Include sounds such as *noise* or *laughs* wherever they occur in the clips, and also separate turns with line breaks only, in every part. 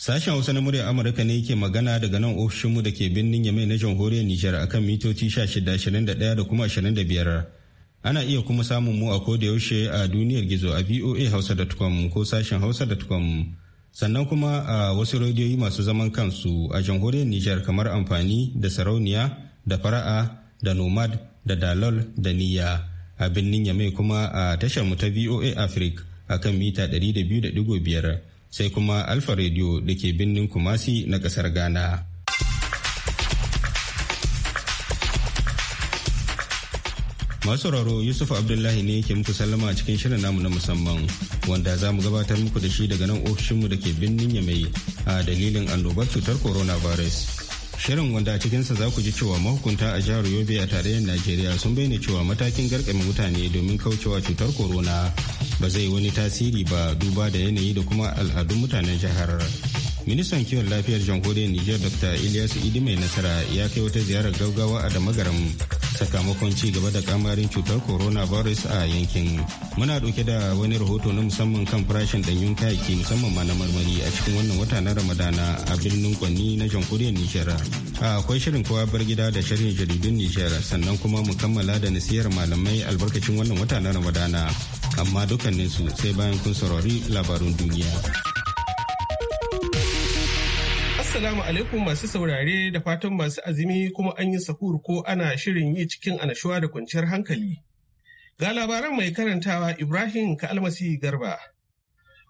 Sashen Hausa na muryar Amurka ne ke magana daga nan ofishinmu da ke birnin Yamai na jamhuriyar Nijar akan mitoci 1621 da kuma 25. Ana iya kuma samun mu a yaushe a duniyar gizo a VOA Hausa da voahausa.com ko sashen hausa.com. Sannan kuma a wasu rediyoyi masu zaman kansu a jamhuriyar Nijar kamar amfani da sarauniya da fara'a da nomad da dalol da niyya. A birnin Yamai kuma a tashar mu ta VOA Africa a kan mita 200.5 sai kuma Alfa Radio da ke birnin Kumasi na kasar Ghana. Masu sauraro Yusuf Abdullahi ne ke muku sallama a cikin shirin namu na musamman wanda za mu gabatar muku da shi daga nan ofishinmu da ke birnin Yamai a dalilin annobar cutar coronavirus. shirin wanda a cikinsa za ku ji cewa mahukunta a jihar yobe a tarayyar najeriya sun bayyana cewa matakin garkame mutane domin kaucewa cutar corona ba zai wani tasiri ba duba da yanayi da kuma al'adun mutanen jihar ministan kiwon lafiyar jamhuriyar niger dr ilyasu idi mai nasara ya kai wata ziyarar gaggawa a damagaram sakamakon ci gaba da kamarin cutar corona virus a yankin muna dauke da wani rahoto na musamman kan farashin danyun kayayyaki musamman ma na marmari a cikin wannan wata na ramadana a birnin kwanni na jamhuriyar niger akwai shirin kowa bar gida da shirin jaridun niger sannan kuma mu kammala da nasiyar malamai albarkacin wannan wata na ramadana amma dukkaninsu sai bayan kun saurari labarun duniya.
Assalamu alaikum masu saurare da fatan masu azumi kuma an yi sahur ko ana shirin yi cikin anashuwa da kwanciyar hankali. Ga labaran mai karantawa Ibrahim ka Almasi Garba.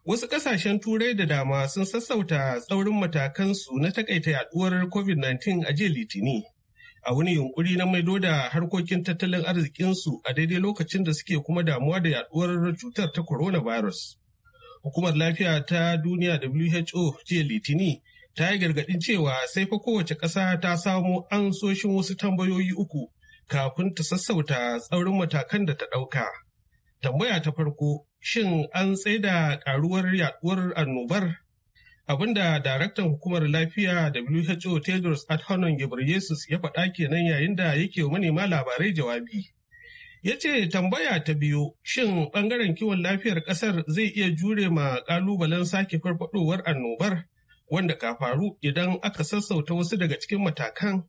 Wasu ƙasashen turai da dama sun sassauta tsaurin matakansu na takaita yaduwar COVID-19 a jiya Litini. A wani yunkuri na maido da harkokin tattalin arzikinsu a daidai lokacin da suke kuma damuwa da yaduwar cutar ta coronavirus. Hukumar lafiya ta duniya WHO jiya Litini ta yi gargaɗin cewa sai fa kowace ƙasa ta samo ansoshin wasu tambayoyi uku kafin ta sassauta tsaurin matakan da ta ɗauka. Tambaya ta farko, shin an tsaida ƙaruwar yaɗuwar annobar? Abinda daraktan hukumar lafiya WHO Tedros Adhanom Ghebreyesus ya faɗa kenan yayin da yake manema labarai jawabi. Ya ce tambaya ta biyu, shin ɓangaren kiwon lafiyar ƙasar zai iya jure ma ƙalubalen sake farfaɗowar annobar? wanda ka faru idan aka sassauta wasu daga cikin matakan.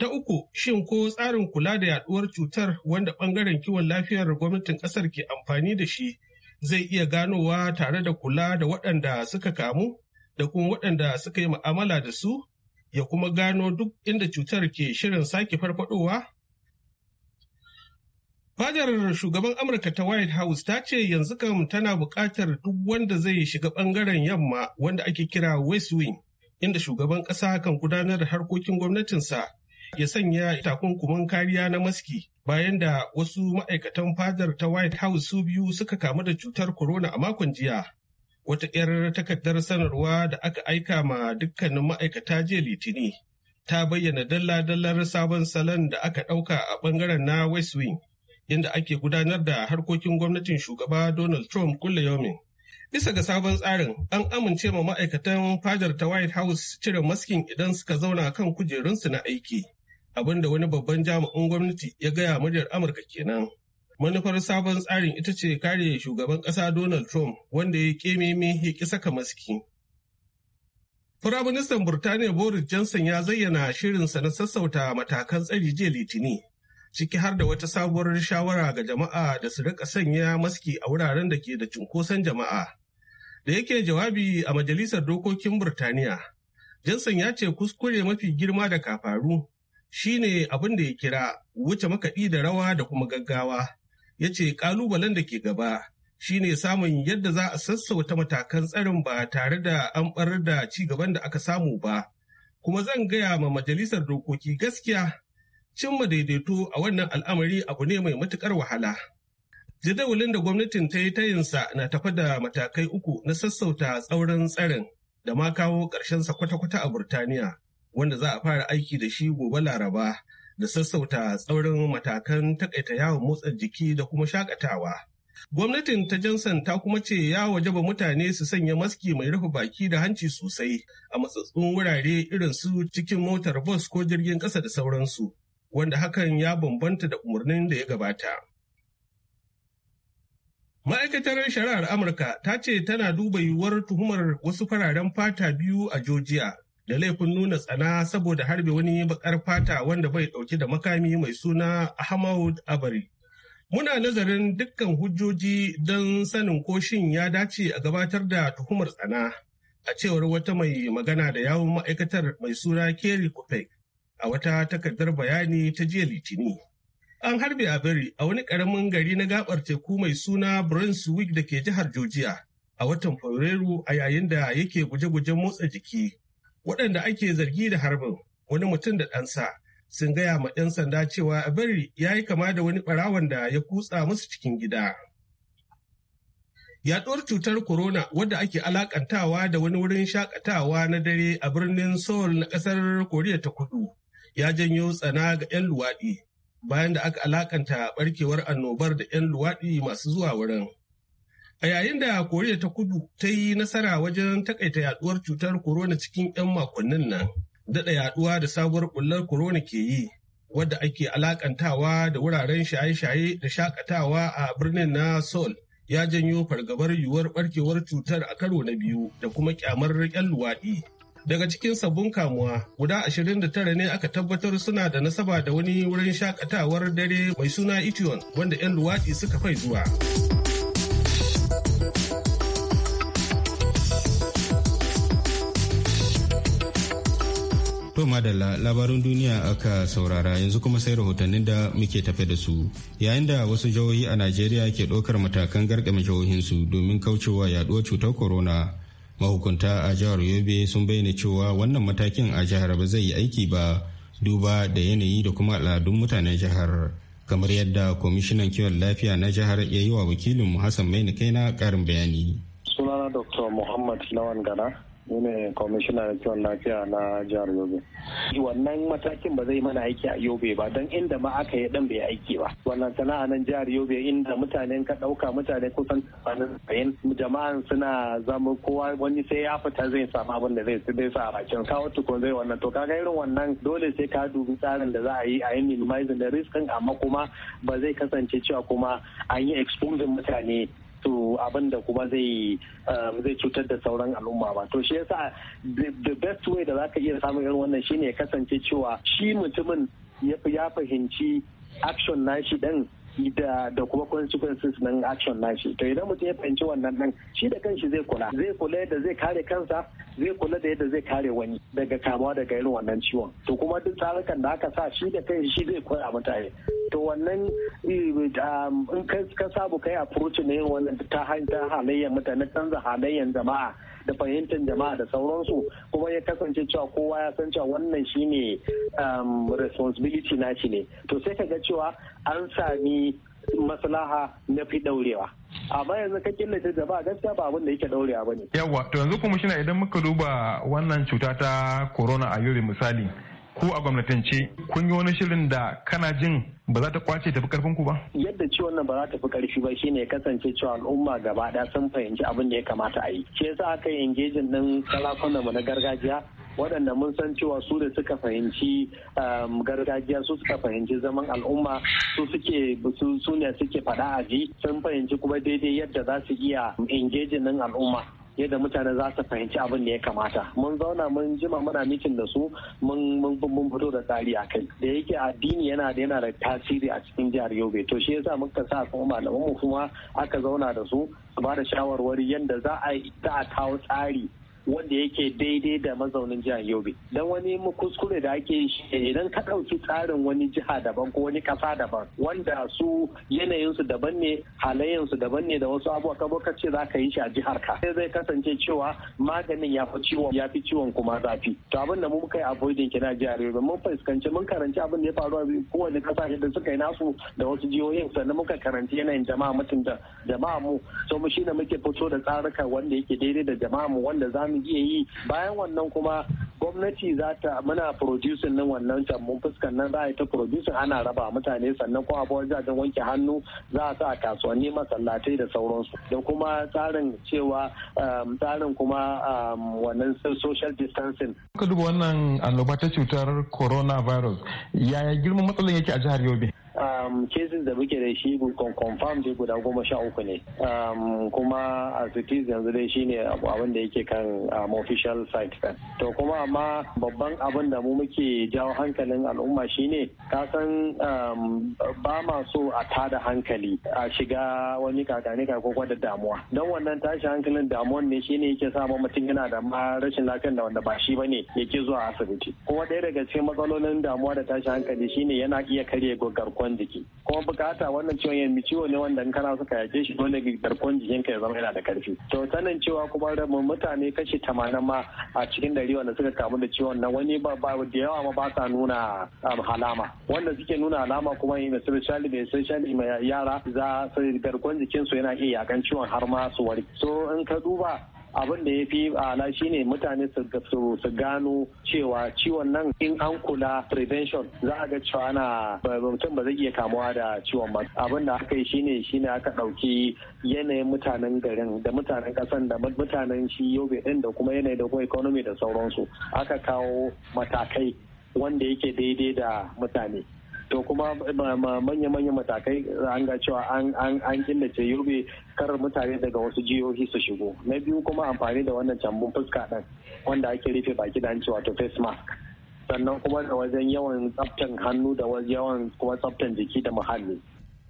Ta uku, shin ko tsarin kula da yaduwar cutar wanda ɓangaren kiwon lafiyar gwamnatin ƙasar ke amfani da shi zai iya ganowa tare da kula da waɗanda suka kamu da kuma waɗanda suka yi mu'amala da su ya kuma gano duk inda cutar ke shirin sake farfadowa? Fadar shugaban Amurka ta White House ta ce yanzu kam tana buƙatar duk wanda zai shiga ɓangaren yamma wanda ake kira West Wing, inda shugaban ƙasa kan gudanar da harkokin gwamnatinsa ya sanya takunkuman kariya na maski bayan da wasu ma'aikatan fadar ta White House su biyu suka kamu da cutar corona a makon jiya. Wata 'yar takardar sanarwa da aka aika ma dukkanin ma'aikata jiya Litini ta bayyana dalla-dallar sabon salon da aka ɗauka a ɓangaren na West Wing. inda ake gudanar da harkokin gwamnatin shugaba Donald Trump kulle yomin. Bisa ga sabon tsarin, an amince ma ma'aikatan fadar ta White House cire maskin idan suka zauna kan kujerunsu na aiki. Abin da wani babban jami'in gwamnati ya gaya muryar Amurka kenan. Manufar sabon tsarin ita ce kare shugaban ƙasa Donald Trump wanda ya kememe ya ƙi saka maski. Firaministan Burtaniya Boris Johnson ya zayyana shirinsa na sassauta matakan tsari jiya Litini, ciki har da wata sabuwar shawara ga jama'a da su rika sanya maski a wuraren da ke da cunkoson jama'a. Da yake jawabi a Majalisar Dokokin Burtaniya, Johnson ya ce kuskure mafi girma da kafaru shine abin da ya kira wuce makaɗi da rawa da kuma gaggawa. Ya ce ƙalubalen da ke gaba shine samun yadda za a sassauta matakan tsarin ba tare da an ɓarar da ci gaban da aka samu ba. Kuma zan gaya ma Majalisar Dokoki gaskiya Cimma daidaito a wannan al'amari abu ne mai matukar wahala. Jadawalin da gwamnatin ta yi tayinsa na tafa da matakai uku na sassauta tsauran tsarin da ma kawo ƙarshensa kwata-kwata a Burtaniya, wanda za a fara aiki da shi gobe Laraba da sassauta tsaurin matakan takaita yawon motsa jiki da kuma shakatawa. Gwamnatin ta Johnson ta kuma ce ya wajaba mutane su sanya maski mai rufe baki da hanci sosai a matsatsun wurare irin su cikin motar bus ko jirgin ƙasa da sauransu. wanda hakan ya bambanta da umarnin da ya gabata. Ma'aikatar Shari'ar Amurka ta ce tana duba yiwuwar tuhumar wasu fararen fata biyu a Georgia da laifin nuna tsana saboda harbe wani bakar fata wanda bai ɗauki da makami mai suna Ahmad Abari. Muna nazarin dukkan hujjoji don sanin ko ya dace a gabatar da tuhumar tsana a cewar wata mai magana da yawon ma'aikatar mai suna Kerry Kupek. a wata takardar bayani ta jiya litini. An harbe a bari a wani ƙaramin gari na gabar teku mai suna Brunswick da ke jihar Georgia a watan Fabrairu a yayin da yake guje-gujen motsa jiki. Waɗanda ake zargi da harbin wani mutum da ɗansa sun gaya ma 'yan sanda cewa a bari ya yi kama da wani ɓarawan da ya kutsa musu cikin gida. Yaɗuwar cutar corona wadda ake alaƙantawa da wani wurin shaƙatawa na dare a birnin Seoul na ƙasar Koriya ta Kudu ya janyo tsana ga 'yan luwaɗi bayan da aka alakanta barkewar annobar da 'yan luwaɗi masu zuwa wurin. A yayin da Koriya ta kudu ta yi nasara wajen takaita yaduwar cutar korona cikin 'yan makonnin nan, daɗa yaduwa da sabuwar ƙullar korona ke yi, wadda ake alakantawa da wuraren shaye-shaye da shakatawa a birnin na Seoul ya janyo fargabar yiwuwar barkewar cutar a karo na biyu da kuma kyamar 'yan luwaɗi. Daga cikin sabbin kamuwa guda ashirin da tara ne aka tabbatar suna da nasaba da wani wurin shakatawar dare mai suna Ition wanda 'yan luwaɗi suka fai zuwa.
To madalla labarin duniya aka saurara yanzu kuma sai rahotannin da muke tafe da su. Yayin da wasu jihohi a Najeriya ke ɗaukar matakan gargama jihohinsu domin kaucewa yaɗuwar cutar corona. mahukunta a jihar yobe sun bayyana cewa wannan matakin a jihar ba zai yi aiki ba duba da yanayi da kuma al'adun mutanen jihar kamar yadda kwamishinan kiwon lafiya na jihar ya yi wa Wakilin hassan kai na karin bayani
sunana dr muhammad lawan gana ni ne kwamishina na kiwon lafiya na jihar yobe wannan matakin ba zai mana aiki a yobe ba don inda ma aka yi dan bai aiki ba wannan sana'a nan jihar yobe inda mutanen ka dauka mutane kusan tsanin jama'an suna zama kowa wani sai ya fita zai samu abin da zai sa a bakin kawo tukun zai wannan to kaga irin wannan dole sai ka dubi tsarin da za a yi a yi minimizing da riskin amma kuma ba zai kasance cewa kuma an yi exposing mutane abin da kuma zai um, zai cutar da sauran al'umma ba to shi yasa the best way da zaka iya samun irin wannan shine ya kasance cewa shi mutumin ya fahimci action nashi din da da kuma consequences nan action nashi to idan mutum ya fahimci wannan nan shi da kanshi zai kula zai kula da zai kare kansa zai kula da yadda zai kare wani daga kamuwa daga irin wannan ciwon to kuma duk tsarukan da aka sa shi da kai shi zai koya mutane to wannan eh, um, in ka sabu kai approach ne wannan ta halayyar mutane canza halayyar jama'a da fahimtar jama'a da sauransu kuma ya kasance cewa kowa ya san cewa wannan shine um, responsibility na shi ne to sai ka ga cewa an sami maslaha na fi daurewa amma yanzu ka killace jama'a gaskiya ba abin da yake daurewa bane
yawa to yanzu kuma shine idan muka duba wannan cuta ta corona a yuri misali ko a gwamnatance kun yi wani shirin
da kana jin ba za ta kwace tafi karfin ku ba?
Yadda ciwon nan ba za ta fi karfi ba shine kasance cewa al'umma gaba ɗaya sun fahimci abin da ya kamata a yi. Ke yasa aka yi engejin ɗin salakon mu na gargajiya waɗanda mun san cewa su da suka fahimci um, gargajiya su suka fahimci zaman al'umma su suke su ne suke faɗa ji sun fahimci kuma daidai yadda za su iya engaging nan al'umma yadda mutane za su fahimci abin da ya kamata mun zauna mun jima muna mitin da su mun fito da tsari a kai da yake addini yana da yana da tasiri a cikin jihar yobe to shi yasa muka sa kuma malaman kuma aka zauna da su su ba da shawarwari yadda za a kawo tsari wanda yake daidai da mazaunin jihar yobe dan wani kuskure da ake shi idan ka ɗauki tsarin wani jiha daban ko wani ƙasa daban wanda su yanayinsu daban ne halayensu daban ne da wasu abubuwa ka ka ce za ka yi shi a jihar ka sai zai kasance cewa maganin ya fi ciwon kuma zafi to abin da muka yi avoiding kina jihar yobe mun fuskanci mun karanci abin da ya faru a kowane ƙasashe da suka yi nasu da wasu jihohin sannan muka karanci yanayin jama'a mutum da jama'a mu so mu shi muke fito da tsaruka wanda yake daidai da jama'a mu wanda za mu iya yi bayan wannan kuma gwamnati za ta muna producing nan wannan tambun fuskan nan za a yi ta producing ana raba mutane sannan kuma abuwa jajen wanke hannu za a sa a kasuwanni masallatai da sauransu da kuma tsarin cewa um, tsarin kuma um, wannan social distancing.
Ka duba wannan annoba ta cutar coronavirus yaya girman matsalar yake a jihar Yobe?
Um, cases da muke da shi confirm dai guda goma sha uku ne um, kuma a cities yanzu dai shine abin da yake kan um, official site kan to kuma amma babban abin da mu muke jawo hankalin al'umma shine ka san ba ma so a tada hankali a shiga wani ka ko da damuwa don wannan tashi hankalin damuwan ne shine yake sa ma mutum yana da ma rashin lafiyar da wanda ba shi bane yake zuwa asibiti kuma ɗaya daga cikin matsalolin damuwa da tashi hankali shine yana iya karye gogar garkuwan jiki kuma bukata wannan ciwon yanzu ciwo ne wanda in kana suka yaje shi dole jikin ka ya zama yana da karfi to sanin cewa kuma da mutane kashi tamanin ma a cikin dari wanda suka kamu da ciwon nan wani ba da yawa ma ba sa nuna um, alama wanda suke nuna alama kuma especially da especially yara za su jikin su yana iya yakan ciwon har ma su warke so in ka duba abin da ya fi ala shine mutane su gano cewa ciwon nan in an kula prevention za a ga cewa ana mutum ba zai iya kamuwa da ciwon ba abin da aka yi shine shine aka ɗauki yanayin mutanen garin da mutanen kasan da mutanen shi yobe ɗin da kuma yanayi da kuma economy da sauransu aka kawo matakai wanda yake daidai da mutane to kuma manya-manyan matakai an ga cewa an killace yobe kar mutane daga wasu jihohi su shigo na biyu kuma amfani da wannan cambun fuska ɗin wanda ake rufe baki da hanci wato face mask sannan kuma da wajen yawan tsaftan hannu da yawan kuma tsaftan jiki da muhalli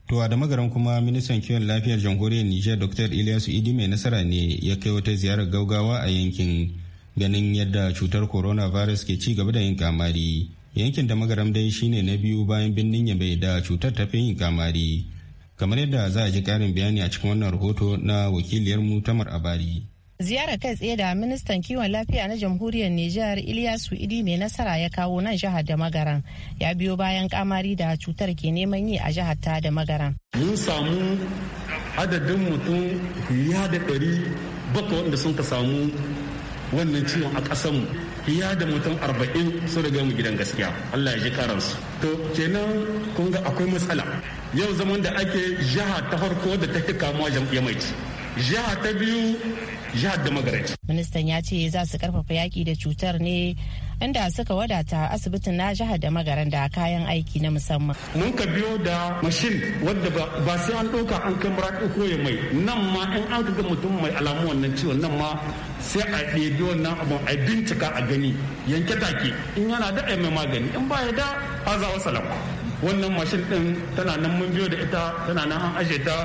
To a da magaran kuma ministan kiwon lafiyar jamhuriyar niger Dr. Ilyasu Idi mai nasara ne ya kai wata ziyarar gaugawa a yankin ganin yadda cutar coronavirus ke ci gaba da yin kamari. yankin da magaram dai shine na biyu bayan birnin yabe da cutar ta yin kamari kamar yadda za a ji karin bayani a cikin wannan rahoto na wakiliyar mu tamar abari
ziyarar kai tsaye da ministan kiwon lafiya na jamhuriyar nijar iliyasu idi mai nasara ya kawo nan jihar da magaran ya biyo bayan kamari da cutar ke neman yi a jihar ta da magaran
mun samu adadin mutum fiye da ɗari bakwai wanda sun ka samu wannan ciwon a mu ya da mutum arba'in sun riga mu gidan gaskiya allah ya ji karansu to kenan kun ga akwai matsala yau zaman da ake jiha ta farko da ta fi kamuwa mai jiha ta biyu jihar da magaraci
ministan ya ce za su karfafa yaki da cutar ne inda suka wadata asibitin na jihar da magaran da kayan aiki na musamman.
Mun ka biyo da mashin wadda ba sai an ɗauka an kai muraɗi ko ya mai nan ma in an ga mutum mai alamu wannan ciwon nan ma sai a ɗebi wannan abu a bincika a gani yanke take in yana da mai magani in ba ya da hazawa salam. Wannan mashin ɗin tana nan mun biyo da ita tana nan an ajiye ta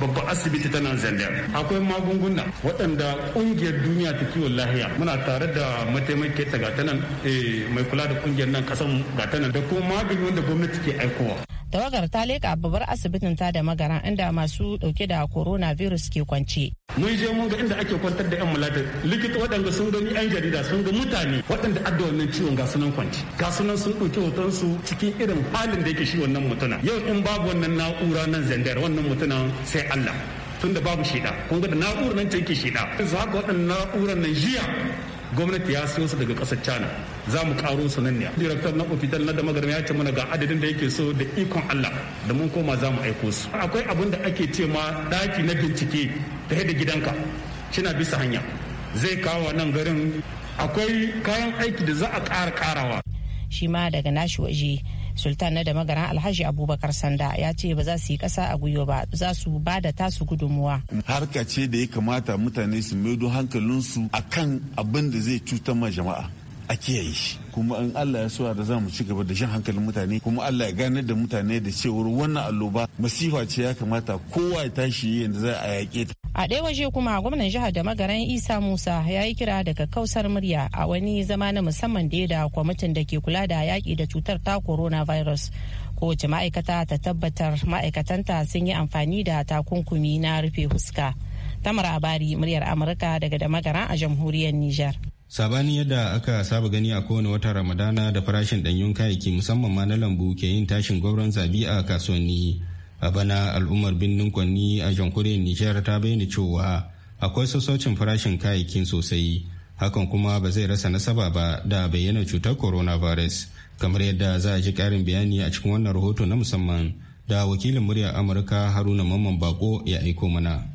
babban asibiti ta nan zandar akwai magunguna waɗanda ƙungiyar duniya ta kiwon lahiya muna tare da mataimakiyar ta gata eh, mai kula da ƙungiyar nan kasan ta nan da kuma magani wanda gwamnati ke
aikowa
tawagar ta leka babbar asibitin ta da magara inda masu dauke da coronavirus ke kwance.
mun je mun ga inda ake kwantar da 'yan mulatin likita waɗanda sun gani 'yan jarida sun ga mutane waɗanda adda wannan ciwon ga sunan kwanci ga sunan sun ɗauki hotonsu cikin irin halin da yake shi wannan mutuna yau in babu wannan na'ura nan zandar wannan mutunan sai allah tun da babu shida kun ga da na'urar nan take shida yanzu haka waɗannan na'urar nan jiya gwamnati ya siyo su daga ƙasar china za mu karo su nan ne director na ofital na da ya ce mana ga adadin da yake so da ikon allah da mun koma za mu aiko su akwai abin da ake ce ma ɗaki na bincike ta da gidanka shina bisa hanya zai kawo nan garin akwai kayan aiki da za a ƙara ƙarawa
shi ma daga nashi waje sultan na da magana alhaji abubakar sanda ya ce ba za su yi kasa a gwiwa ba za su ba da tasu gudunmuwa
harka ce da ya kamata mutane su maido hankalinsu akan abin da zai cutar ma jama'a a kiyaye shi kuma in Allah ya so da za mu ci gaba da shan hankalin mutane kuma Allah ya gane da mutane da cewar wannan alloba masifa ce ya kamata kowa ya tashi yadda za a
yaƙe ta.
A ɗaya waje kuma gwamnan jihar da magaran Isa Musa ya yi kira daga kausar murya a wani zama na musamman da ya da kwamitin da ke kula da yaƙi da cutar ta coronavirus. Kowace ma'aikata ta tabbatar ma'aikatanta sun yi amfani da takunkumi na rufe fuska. Tamar Abari muryar Amurka daga da magaran a jamhuriyar Nijar.
sabani yadda aka saba gani a kowane watan ramadana da farashin ɗanyun kayayyaki musamman ma na lambu ke yin tashin gwauron zabi a kasuwanni a bana al'ummar birnin kwanni a jamhuriyar nijar ta bayyana cewa akwai sassaucin farashin kayayyakin sosai hakan kuma ba zai rasa nasaba ba da bayyana cutar coronavirus kamar yadda za a ji karin bayani a cikin wannan rahoto na musamman da wakilin muryar amurka haruna mamman bako ya aiko mana.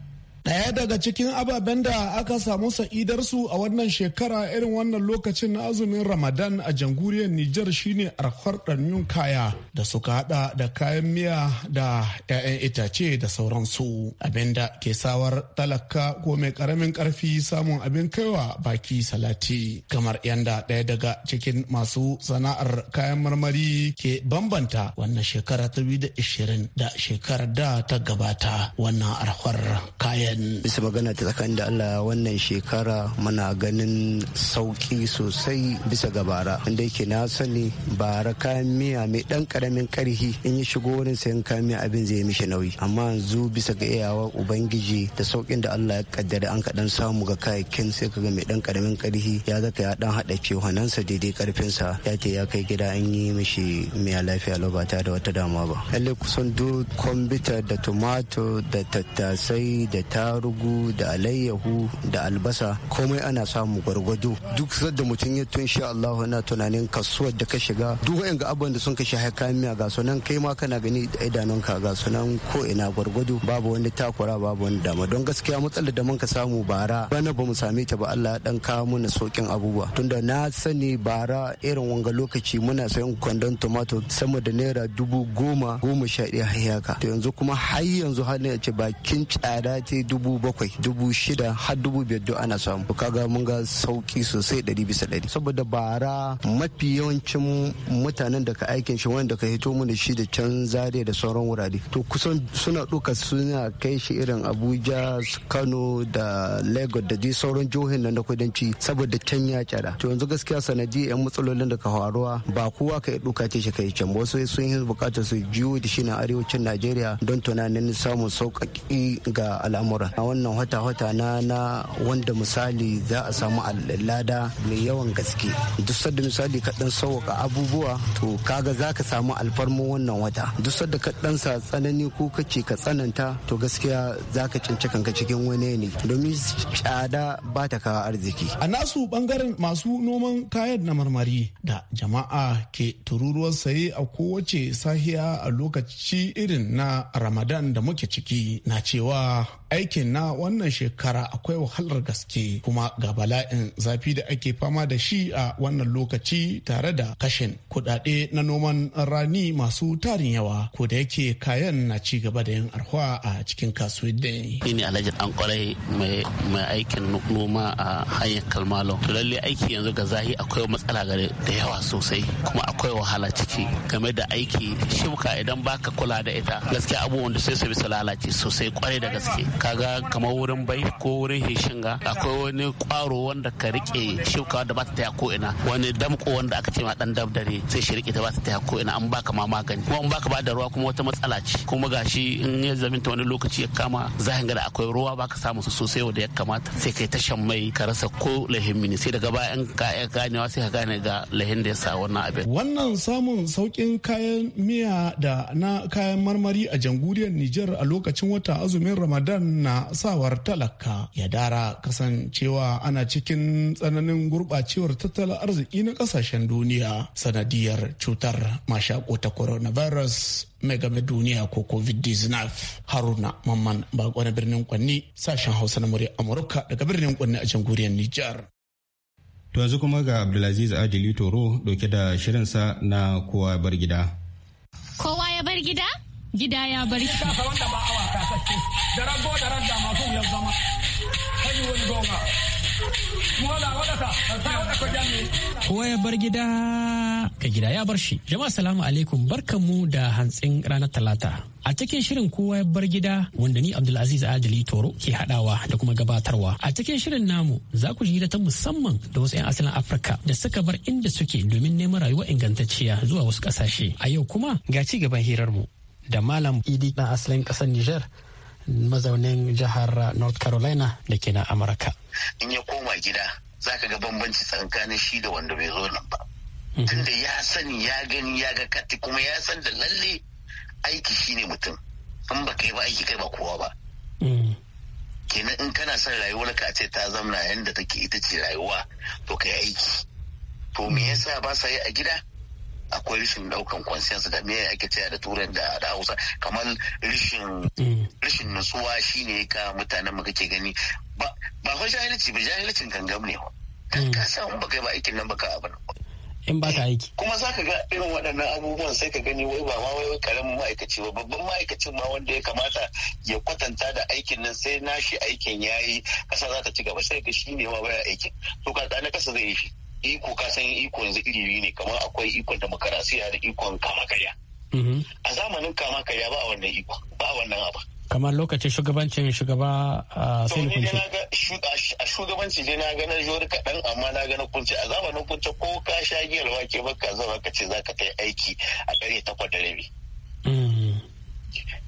Daya daga cikin ababen da aka samu sa'idarsu a wannan shekara irin wannan lokacin na azumin Ramadan a jamhuriyar Nijar shine arfar ɗanyun kaya da suka hada da kayan miya da 'ya'yan itace da sauransu. Abinda ke sawar talaka ko mai karamin karfi samun abin kaiwa baki salati. Kamar yanda ɗaya daga cikin masu sana'ar kayan marmari ke bambanta wannan shekara ta da da shekarar da ta gabata wannan arfar
kayan bisa magana ta tsakanin da Allah wannan shekara muna ganin sauki sosai bisa ga bara inda yake na sani bara kayan miya mai dan karamin karhi in ya shigo wurin sayan kayan miya abin zai mishi nauyi amma yanzu bisa ga iyawa ubangiji da saukin da Allah ya kaddara an kaɗan samu ga kayakin sai kaga mai dan karamin karhi ya zaka ya dan hada kehonansa daidai ƙarfinsa ya ce ya kai gida an yi mishi miya lafiya lau ba da wata damuwa ba. Lalle kusan duk kwambita da tumatur da tattasai da ta tarugu da alayyahu da albasa komai ana samu gwargwado duk sadda mutum ya tun sha Allah yana tunanin kasuwar da ka shiga duk wayan ga abin da sun kashe haka miya ga sunan kai ma kana gani da idanunka ga sunan ko ina gwargwado babu wani takura babu wani dama don gaskiya matsalar da mun ka samu bara bana ba mu same ta ba Allah ya dan kawo mana saukin abubuwa tunda na sani bara irin wanga lokaci muna sayan kwandon tomato sama da naira dubu goma goma sha ɗaya haka to yanzu kuma har yanzu halin ya ce bakin tsada ta dubu bakwai dubu shida har dubu biyar duk ana samu kaga mun ga sauki sosai ɗari bisa ɗari saboda bara mafi yawancin mutanen da ka aikin shi wanda ka hito mana shi da can zare da sauran wurare to kusan suna ɗauka suna kai shi irin abuja kano da lagos da dai sauran jihohin nan na kudanci saboda can ya kyara to yanzu gaskiya sanadi yan matsalolin da ka faruwa ba kowa ka ɗauka ce shi kai can wasu sun yi bukatar su jiyo da shi na arewacin najeriya don tunanin samun sauƙaƙi ga al'amuran al'amura a wannan wata-wata na na wanda misali za a samu lada mai yawan gaske duk sadda misali ka dan sauwaka abubuwa to kaga za ka samu alfarmu wannan wata duk sadda ka dan sa tsanani ko ka ce ka tsananta to gaskiya za ka cinci kanka cikin wani ne domin tsada ba ta kawo arziki a nasu bangaren masu
noman kayan na marmari da jama'a ke tururuwar saye a kowace sahiya a lokaci irin na ramadan da muke ciki na cewa aikin na wannan shekara akwai wahalar gaske kuma ga bala'in zafi da ake fama da shi a wannan lokaci tare da kashin kudade na noman rani masu tarin yawa ko da yake kayan na ci gaba da yin arhuwa a cikin kasuwanni. Ni ne Alhaji Dan Kwarai mai aikin noma a hanyar Kalmalo. To lalle aiki yanzu ga zahi akwai matsala gare da yawa sosai kuma akwai wahala ciki game da aiki shibka idan baka kula da ita gaskiya abubuwan da sai su bi su lalace sosai kwarai da gaske. kaga kamar wurin bai ko wurin hishinga akwai wani kwaro wanda ka rike shuka da ba ta taya ko ina wani damko wanda aka ce ma dan dabdare sai shi rike ta ba ta taya ko ina an baka ma magani kuma an baka ba da ruwa kuma wata matsala ce kuma gashi in ya ta wani lokaci ya kama zahin da akwai ruwa baka samu su sosai wanda ya kamata sai kai ta shan mai ka rasa ko lahin mini sai daga baya in ka gane ganewa sai ka gane ga lahin da ya sa wannan abin wannan samun saukin kayan miya da na kayan marmari a jamhuriyar Nijar a lokacin wata azumin Ramadan na sawar talaka ya dara kasancewa ana cikin tsananin gurɓacewar tattalin arziki na ƙasashen duniya sanadiyar cutar mashako ta coronavirus mai game duniya ko covid-19 haruna mamman bako na birnin kwanni sashen hausa na murya amurka daga birnin kwanni a jamhuriyar nijar
to yanzu kuma ga abdulaziz adili toro dauke da shirinsa na kowa bar gida
kowa ya bar gida gida ya bari.
Kowa ya bar gida ka gida ya bar shi. Jama'a salamu alaikum barkanmu da hantsin ranar talata. A cikin shirin kowa ya bar gida wanda ni Abdulaziz Adili Toro ke haɗawa da kuma gabatarwa. A cikin shirin namu za ku ji ta musamman da wasu 'yan asalin Afirka da suka bar inda suke domin neman rayuwa ingantacciya zuwa wasu ƙasashe. A yau kuma ga ci gaban hirarmu. da malam idi na asalin kasar niger mazaunin jihar north carolina da ke na amurka
in ya koma gida za ka ga bambanci tsakanin shi da wanda bai zo nan ba mhm. tunda ya sani ya gani ya ga kati kuma ya san da lalle aiki shine mutum in ba kai ba aiki kai ba kowa ba mhm. kenan in kana son rayuwar ka ce ta zamna yadda take ita ce rayuwa to kai aiki to me mhm. yasa ba sa yi a gida akwai rishin daukan consensus da me ake cewa da turan da da Hausa kamar rishin mm. rishin nutsuwa shine ka mutanen mu kake gani ba ba fa jahilci ba jahilcin gangam ne ka mm. samu baka ba aikin nan ba ka abin
in ba ka eh, aiki.
Kuma za ka ga irin waɗannan abubuwan sai ka gani wai ba ma wai karamin ma'aikaci ba babban ma'aikacin ma wanda ya kamata ya kwatanta da aikin nan sai nashi aikin ya yi ƙasa za ta ci gaba sai ka shi ne ma baya aikin to ka na ƙasa zai yi shi. iko ka san iko yanzu iri
ne kamar akwai ikon demokarasiya da ikon kama karya mhm. a zamanin kama karya ba wannan iko ba wannan abu kamar lokacin shugabancin shugaba ah, a sai kunce a shugabanci dai na ganar jori kaɗan amma na ganar kunce a zamanin kunce ko ka sha giyar wake ka zama ka ce za ka kai aiki a ƙarfe takwas da rabi mhm.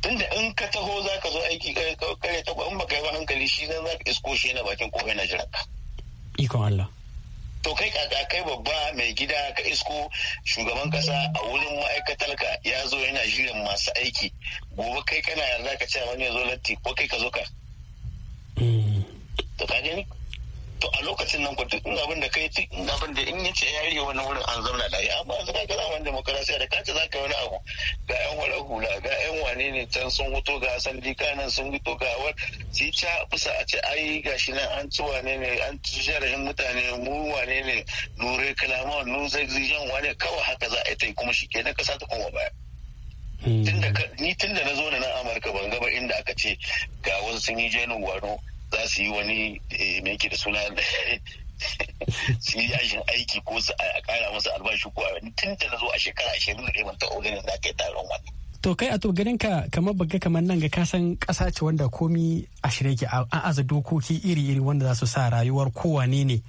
tunda in ka taho za
ka zo aiki ƙarfe takwas in ka yi ba hankali shi zan za ka isko shi na bakin kofi na jiranka ikon Allah to kai kaka kai babba mai gida ka isko shugaban kasa a wurin ma'aikatarka ya zo yana shirya masu aiki gobe kai kana yarda ka ce wani ya zo latti ko kai ka zo ka hmm. to ka to a lokacin nan kwata in abin da kai in abin da in yace ya rige wani wurin an zauna da amma yanzu ka gana wani demokarasiya da kace za ka wani abu ga yan wala hula ga yan wane ne can sun wuto ga san kanan sun wuto ga war ci ca a ce ai gashi nan an ci wane ne an ci sharahin mutane mu wane ne nure kalama nu zai wane kawai haka za a yi kuma shi kenan kasa ta koma baya. ni tun da na zo na nan amurka ban gaba inda aka ce ga wasu sun yi jenin wano. za su yi wani eh, mai yake da suna *laughs* su yi yashin aiki ko su a kara masa albashi ko a tun da na zo a shekara ashirin da ɗaya ta organin za ka yi taron wani.
To kai a to ganin ka kamar baga kamar nan ga kasan kasa ce wanda komi a shirye ke an aza dokoki iri-iri wanda za su sa rayuwar kowane ne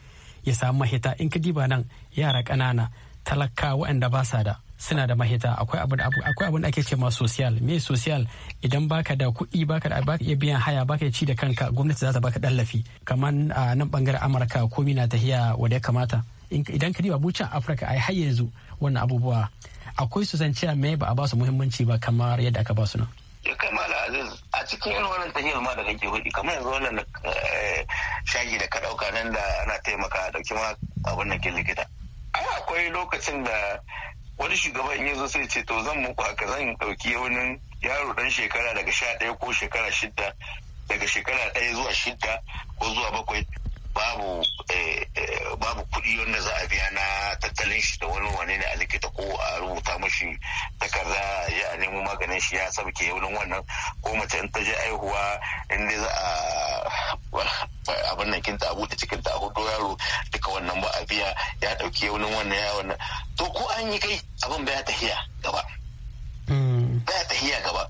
ya samu mahita in ka diba nan yara kanana talaka waɗanda ba sa da suna da mahita akwai abin akwai abin ake ce ma social me social idan baka da kuɗi baka da baka iya biyan haya baka ci da kanka gwamnati za ta baka dallafi kamar a nan bangaren amurka mina na hiya wanda ya kamata idan ka diba bucin afirka ai har yanzu wannan abubuwa akwai su san cewa me ba a ba su muhimmanci ba kamar yadda aka ba su nan
ya kai aziz a cikin irin wannan tahiyar ma da kake hudi kamar yanzu wannan shaji da ka eh, dauka nan da ana taimaka dauki ma abin nan likita ai akwai lokacin da wani shugaba in yazo sai ce to zan muku haka zan dauki wani yaro dan shekara daga sha ɗaya ko shekara shidda daga shekara ɗaya zuwa shidda ko zuwa bakwai babu eh, eh, babu kuɗi wanda za a biya na tattalin shi da wani wane ne a likita ko a rubuta mashi takarda ya a nemo maganin shi ya sabke wani wannan ko mace in ta je aihuwa in dai za a abin nan kinta a buɗe cikin ta a hudu yaro duka wannan ba a biya ya ɗauki wani wannan ya wannan an yi kai abin baya tahiya gaba hmm. baya tahiya gaba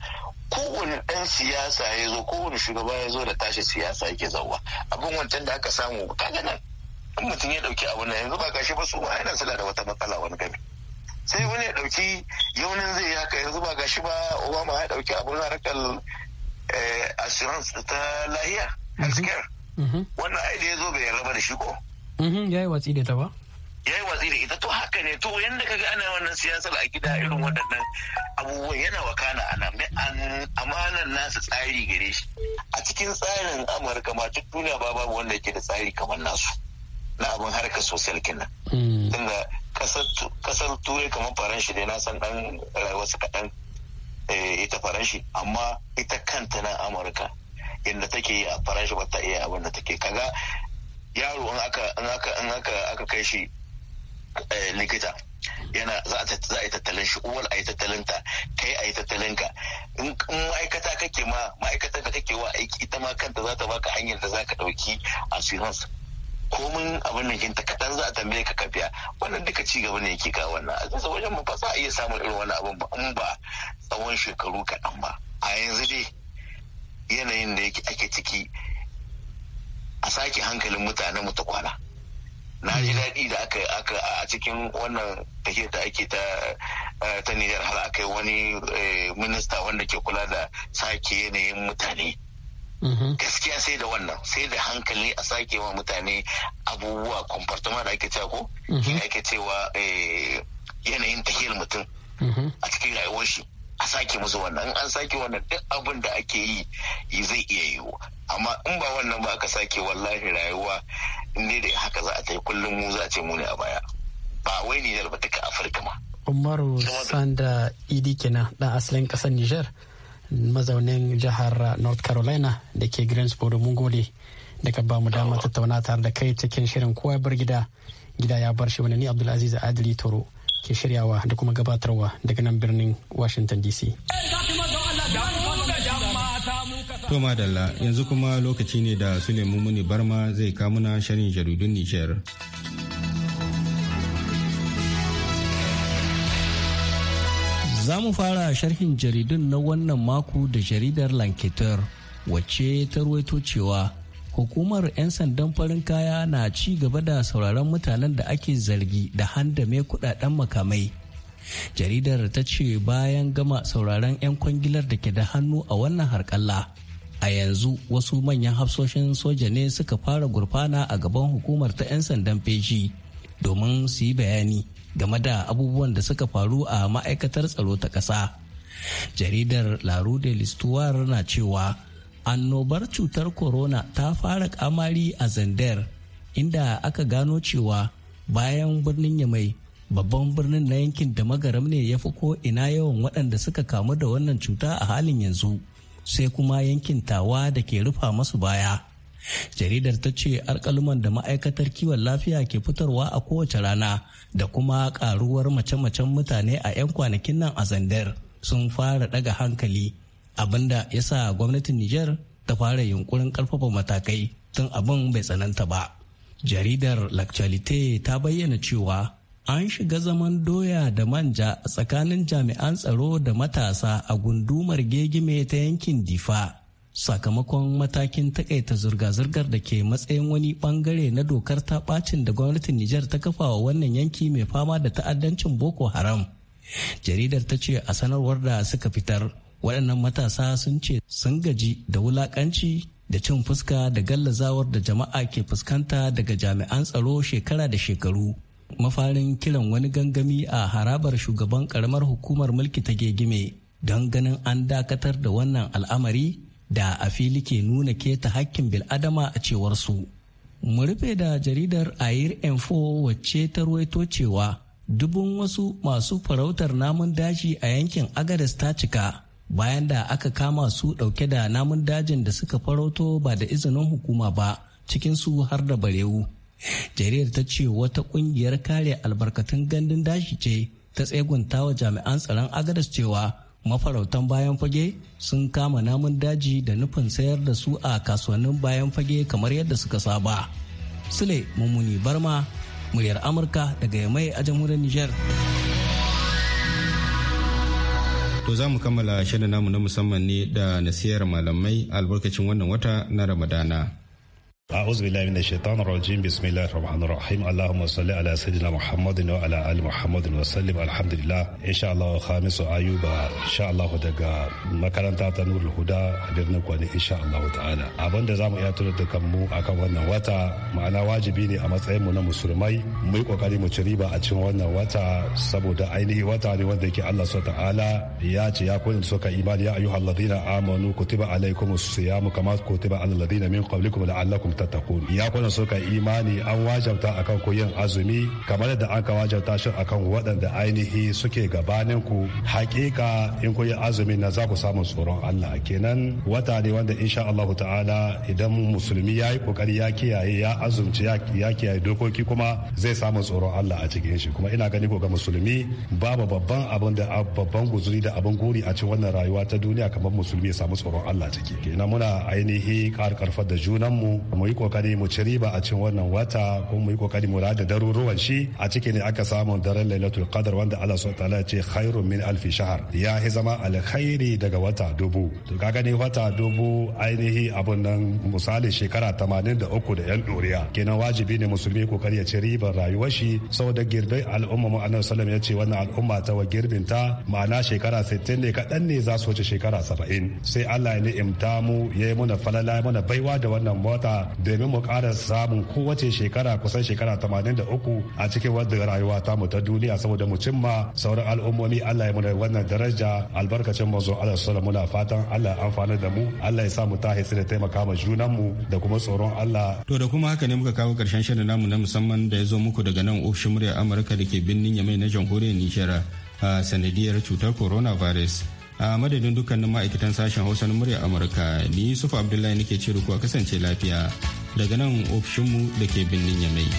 kowane ɗan siyasa ya zo kowane shugaba ya zo da tashi siyasa yake zauwa abin wancan da aka samu ka gana. in mutum ya ɗauki abin na yanzu ba gashi ba su ma yana suna da wata matsala wani gami sai wani ya ɗauki yaunin zai haka yanzu ba gashi ba obama ya ɗauki abin harakar eh, assurance ta lahiya
mm-hmm. Mm-hmm.
wannan ai da ya zo bai raba da shi ko
mm-hmm. ya yi watsi da ta ba
ya yi watsi da ita to haka ne to yadda kaga ana wannan siyasar a gida irin waɗannan abubuwan yana wakana ana amanan nasu tsari gare shi a cikin tsarin amurka ma duk duniya ba babu wanda yake da tsari kamar nasu na abin harkar sosiyal kenan hmm. tunda kasar turai kamar faranshi dai na san dan wasu kaɗan eh, ita faranshi amma ita kanta na amurka yadda take yi a faranshi ba iya abin da take kaga yaro in aka kai shi Eh, likita yana za a yi tattalin shi uwar a yi tattalin ta kai a yi tattalin ka in ma'aikata kake ma ma'aikatar da kake wa aiki ita ma kanta za ta baka hanyar da za ka ɗauki assurance komin abin da kinta kaɗan za a tambaye ka kafiya wannan duka ci gaba ne yake ka wannan a tsawon wajen mu ba za a iya samun irin wani abin ba in ba tsawon shekaru kaɗan ba a yanzu dai yanayin da ake ciki a sake hankalin mutanen mu ta kwana na ji daɗi da aka aka a cikin wannan tahiyar da ake ta eh, ta Nijar har aka yi wani eh, minista wanda ke kula da sake yanayin mutane mhm. gaskiya sai da wannan sai da hankali a sake wa mutane abubuwa comportement da ake cewa ko mhm. ake cewa eh, yanayin tahiyar mutum mhm. a cikin rayuwar shi sake musu wannan in an sake wannan duk abin da ake yi zai iya yiwu amma in ba wannan ba aka sake wallahi rayuwa ne da haka za a ta yi kullum mu za a ce muni a baya ba wai ni ba duka Afirka
ma. Umaru Sanda Idi kenan dan asalin kasar Nijar mazaunin jihar North Carolina da ke Greensboro mun gode da ka bamu dama tattauna tare da kai cikin shirin kowa bar gida gida ya bar shi wani ni Abdulaziz adli Toro. ke shiryawa da kuma gabatarwa daga nan birnin Washington DC.
To madalla yanzu kuma lokaci ne da Suleiman Muni Barma zai kamuna shirin jaridun Nijar. Za mu fara
sharhin jaridun na wannan mako da jaridar Lanketer wacce ta ruwaito cewa hukumar 'yan sandan farin kaya na ci gaba da sauraron mutanen da ake zargi da handame kudaden makamai jaridar ta ce bayan gama sauraron 'yan kwangilar da ke da hannu a wannan harkalla a yanzu wasu manyan hafsoshin soja ne suka fara gurfana a gaban hukumar ta 'yan sandan feshi domin su yi bayani game da abubuwan da suka faru a ma'aikatar tsaro ta ƙasa jaridar la rue de na cewa annobar cutar corona ta fara kamari a zander inda aka gano cewa bayan birnin yamai babban birnin na yankin da magaram ne ya fi ko ina yawan waɗanda suka kamu da wannan cuta a halin yanzu sai kuma yankin tawa da ke rufa masu baya jaridar ta ce alkaluman da ma'aikatar kiwon lafiya ke fitarwa a kowace rana da kuma karuwar mace-macen mutane a 'yan kwanakin nan a zander sun fara daga hankali abinda ya sa gwamnatin Nijar ta fara yunkurin karfafa matakai tun abin bai tsananta ba. Jaridar Lactualite ta bayyana cewa an shiga zaman doya da manja tsakanin jami'an tsaro da matasa a gundumar gegime ta yankin difa sakamakon matakin takaita zirga-zirgar da ke matsayin wani bangare na dokar ta bacin da gwamnatin nijar ta kafa wa wannan yanki mai fama da ta'addancin boko haram jaridar ta ce a sanarwar da suka fitar waɗannan matasa sun ce sun gaji da wulaƙanci da cin fuska da gallazawar da jama'a ke fuskanta daga jami'an tsaro shekara da shekaru mafarin kiran wani gangami a harabar shugaban karamar hukumar mulki ta gegime don ganin an dakatar da wannan al'amari da a fili ke nuna keta hakkin bil'adama a cewar su mu rufe da jaridar air info wacce ta ruwaito cewa dubun wasu masu farautar namun daji a yankin agadas ta cika bayan da aka kama su ɗauke da namun dajin da suka faroto ba da izinin hukuma ba cikin su har da barewu. jaridar ta ce wata kungiyar kare albarkatun gandun dashi ce ta tsegunta wa jami'an tsaron agadas cewa mafarautan bayan fage sun kama namun daji da nufin sayar da su a kasuwannin bayan fage kamar yadda suka saba. Sule Mummuni Barma muryar amurka daga yamai a jamhuriyar nijar.
To za mu kammala shirin namu na musamman ne da nasiyar malamai albarkacin wannan wata na Ramadana.
أعوذ بالله من الشيطان الرجيم بسم الله الرحمن الرحيم اللهم صل على سيدنا محمد وعلى آل محمد وسلم الحمد لله إن شاء الله خامس أيوب إن شاء الله دقا مكرنتا تنور الهدى أبيرنا كواني إن شاء الله تعالى أبن دزام ياتر دكمو أكا وانا واتا معنا واجبيني أما تأيمو نمسلمي ميقو كريم تريبا أتشن وانا واتا سبو دا عيني واتا لواندك الله سبحانه وتعالى ياتي يكون سوكا إيمان يا أيها الذين آمنوا كتب عليكم الصيام كما كتب على الذين من قبلكم لعلكم ya ya kuna suka imani an wajabta akan ku yin azumi kamar da aka wajabta shi akan waɗanda ainihi suke gabanin ku hakika in ku yi azumi na za ku samu tsoron Allah kenan wata ne wanda insha Allah ta'ala idan musulmi ya yi kokari ya kiyaye ya azumci ya kiyaye dokoki kuma zai samu tsoron Allah a cikin shi kuma ina gani ko ga musulmi babu babban abin da babban guzuri da abin guri a cikin wannan rayuwa ta duniya kamar musulmi ya samu tsoron Allah ciki kenan muna ainihi karkarfa da junanmu mu yi kokari mu ci riba a cikin wannan wata ko mu yi kokari mu rada daruruwan shi a cikin ne aka samu daren lailatul qadar wanda Allah subhanahu wataala ya ce khairu min alfi shahr ya yi zama alkhairi daga wata dubu to ka wata dubu ainihi abun nan misali shekara 83 da yan doriya kenan wajibi ne musulmi kokari ya ci ribar rayuwar shi saboda girbin al'umma mu annabi sallallahu ya ce wannan al'umma ta wa girbin ta ma'ana shekara 60 ne kadan ne za su wuce shekara 70 sai Allah ya ni'imta mu ya yi muna falala muna baiwa da wannan wata. domin mu kara samun kowace shekara kusan shekara 83 a cikin wadda rayuwa ta mu ta duniya saboda mu cimma sauran al'ummomi Allah ya muna wannan daraja albarkacin manzo Allah sallallahu muna fatan Allah ya amfana da mu Allah ya sa mu ta da taimaka ma junan mu da kuma tsoron Allah
to da kuma haka ne muka kawo karshen shirin namu na musamman da ya zo muku daga nan ofishin muryar Amurka da ke birnin Yamai na jamhuriyar Nijar a sanadiyar cutar coronavirus a madadin dukkanin ma'aikatan sashen hausa na murya amurka ni sufa abdullahi nake ce ku a kasance lafiya daga nan ofishinmu da ke birnin yamai.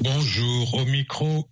Bonjour au micro.